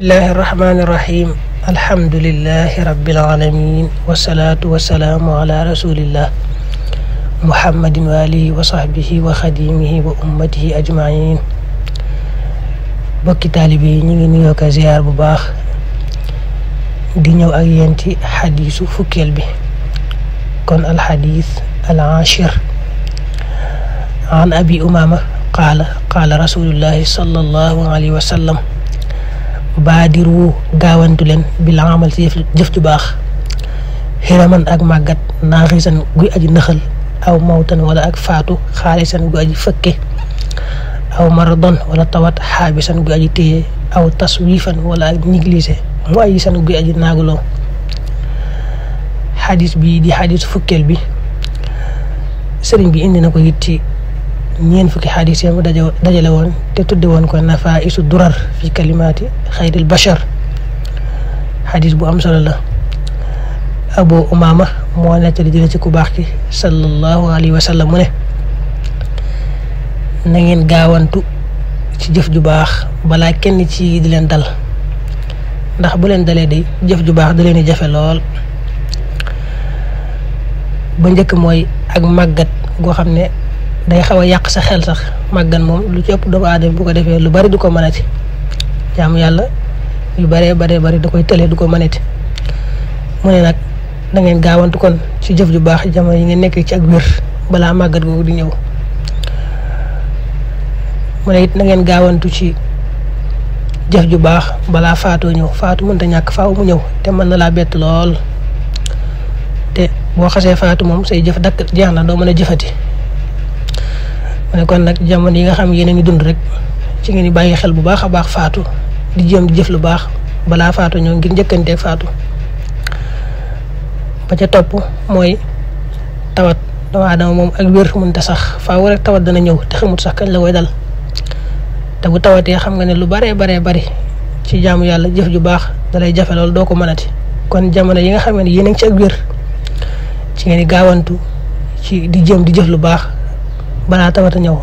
بسم الله الرحمن الرحيم الحمد لله رب العالمين والصلاة والسلام على رسول الله محمد وآله وصحبه وخديمه وأمته أجمعين بكي طالبين نيوكا زيار بباخ دينيو أغيانتي حديث فكيل به كن الحديث العاشر عن أبي أمامة قال قال رسول الله صلى الله عليه وسلم baadiru gaawantu leen bi la amal si jëf ju baax ak màggat naaxisan guy aji nëxal aw mawtan wala ak faatu xaalisan gu aji fëkke aw maradon wala tawat xaabisan gu aji téye aw taswifan wala ak négligé mu aji san guy xadis bi di xadis fukkeel bi sëriñ bi indi na ko it ñeen fukki hadith yam dajale won te tudde won ko nafa isu durar fi kalimati khairil bashar hadith bu am solo la abu umama moo ci jële ci ku bax ki sallallahu Alaihi Wasallamuneh, nengin ne na ngeen gawantu ci jëf ju bax bala kenn ci di len dal ndax bu len dalé day jëf ju bax da jafé lol ba ñëk moy ak magat go xamné day xawa yak sa xel sax màggan mom lu ci ëpp doomu aadama bu ko defé lu bari du ko mënati jaamu yàlla yu baree baree bari da koy tële du ko mënati mu ne da ngeen gaawantu kon ci jëf ju baax jamono yi ngeen nekk ci ak wér bala màggat googu di ñew mune it na ngeen gaawantu ci jëf ju baax bala faatoo ñew faatu ta ñak faaw mu ñew te man la lool te bo xasse faatu mom say jëf dak jeex na do mëna jëfati kon nag jamono yi nga xam yéen a ngi dund rek ci ngeen di bàyyi xel bu baax a baax faatu di jéem jëf lu baax balaa faatu ñoo ngir njëkkanteeg faatu ba ca topp mooy tawat doomu aadama moom ak wér mënta sax faaw rek dana ñëw te sax kañ la koy dal te bu tawatee xam nga ne lu baree baree bari ci jaamu yàlla jëf ju baax dalay jafe doo ko mënati kon jamono yi nga xam yéen a ngi ci ak ci ngeen gaawantu ci di jëm di jëf lu baax balaa tawat a ñëw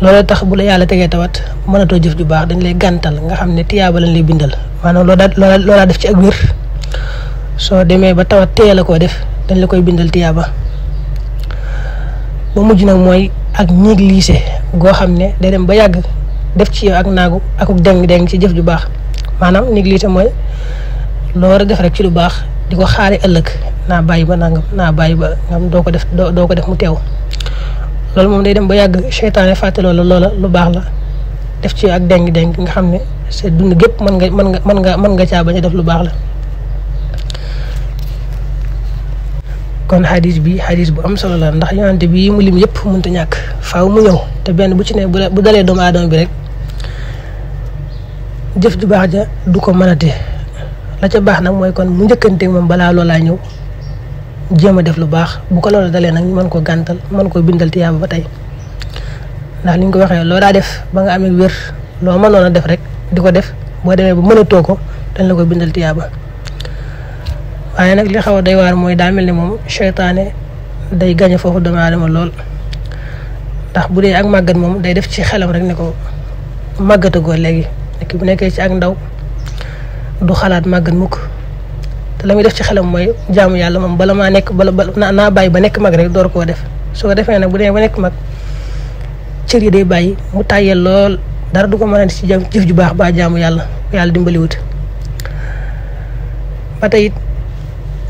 loolu tax bu la yàlla tegee tawat mënatoo jëf ju baax dañ lay gàntal nga xam ne tiyaaba lañ lay bindal maanaam loola loola def ci ak wér soo demee ba tawat tee la koo def dañ la koy bindal tiyaaba ba mujj nag mooy ak ñiig goo xam ne day ba yàgg def ci yow ak naagu akuk deng-deng ci jëf ju baax maanaam ñiig mooy loo a def rek ci lu baax di ko xaare ëllëg naa bàyyi ba nangam naa bàyyi ba ngam doo ko def doo ko def mu teew loolu mom day dem ba yag seytaane faté loolu loola lu bax la def ci ak deng deng nga xamné ne sa dund gep man nga man nga man nga man nga ca baña def lu bax la kon hadith bi hadith bu am solo la ndax yonante bi mu lim yep mënut ta ñak faaw mu ñew te benn bu ci ne bu dalee doomu adam bi rek jëf du bax ja du ko mënate la ca bax nak moy kon mu njëkkante moom balaa loolaa ñew jéem a def lu baax bu ko loolu dalee nag ñu mën koo gàntal mën koo bindal tiyaaba ba tey ndax li ñu ko waxee loo daa def ba nga amee wér loo mënoon a def rek di ko def boo demee ba mënatoo ko dañ la ko bindal tiyaaba waaye nag li xaw a doy waar mooy daa mel ni moom seytaane day gañe foofu doomu aadama lool ndax bu dee ak màggat moom day def ci xelam rek ne ko màggatagoo ko nekk bu nekkee ci ak ndaw du xalaat màggat mukk te la muy def ci xelam mooy jaamu yàlla moom bala maa nekk bala bala naa bàyyi ba nekk mag rek door koo def soo defee nag bu demee ba nekk mag cër yi day bàyyi mu tàyyel lool dara du ko mën a ci jam jëf ju baax ba jaamu yàlla yàlla dimbaliwut ba tey it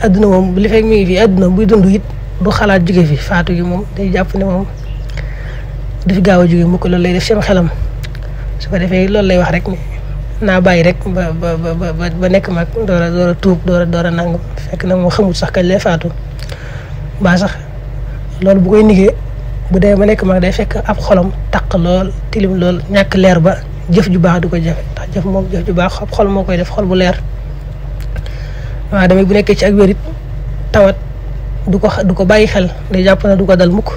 adduna moom li fekk mi fi adduna buy dund it bu xalaat jóge fi faatu yi moom day jàpp ne moom du fi gaaw a jóge mukk loolu lay def seen xelam su ko defee loolu lay wax rek ni naa bay rek ba ba ba ba ba ba nek mak dora dora tuub dora dora nang fek na mo xamul sax kañ lay faatu baa sax lolou bu koy nigee bu dee ma nek mak day fek ab xolam tak lol tilim lol ñak leer ba jëf ju baax du ko jëf ta jëf mom jëf ju baax xol mo koy def xol bu leer wa dama bu nekkee ci ak wérit tawat du ko du ko bayyi xel day japp na du ko dal mukk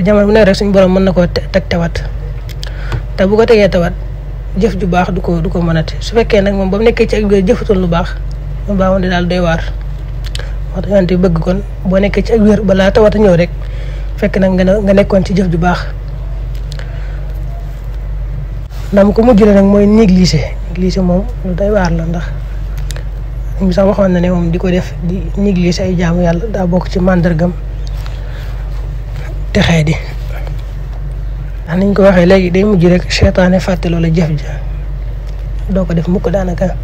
jamal bu ne rek suñu borom mën na koo teg tawat ta bu ko tege tawat jëf ju baax du ko du ko mënati su fekkee nag moom ba mu nekkee ci ak wér jëfatul lu baax lu baaxoon di daal doy waar wax tax yàlla bëgg kon boo nekkee ci ak wér balaa tawata ñëw rek fekk nag nga nekkoon ci jëf ju baax. nam ko mujjule nag mooy négligé négligé moom lu doy waar la ndax ñu sax waxoon na ne moom di ko def di négligé ay jaamu yàlla daa bokk ci màndargam texee di. ndax niñ ko waxee léegi day mujj rek seytaane fàtte loola jëf ja doo ko def mukk daanaka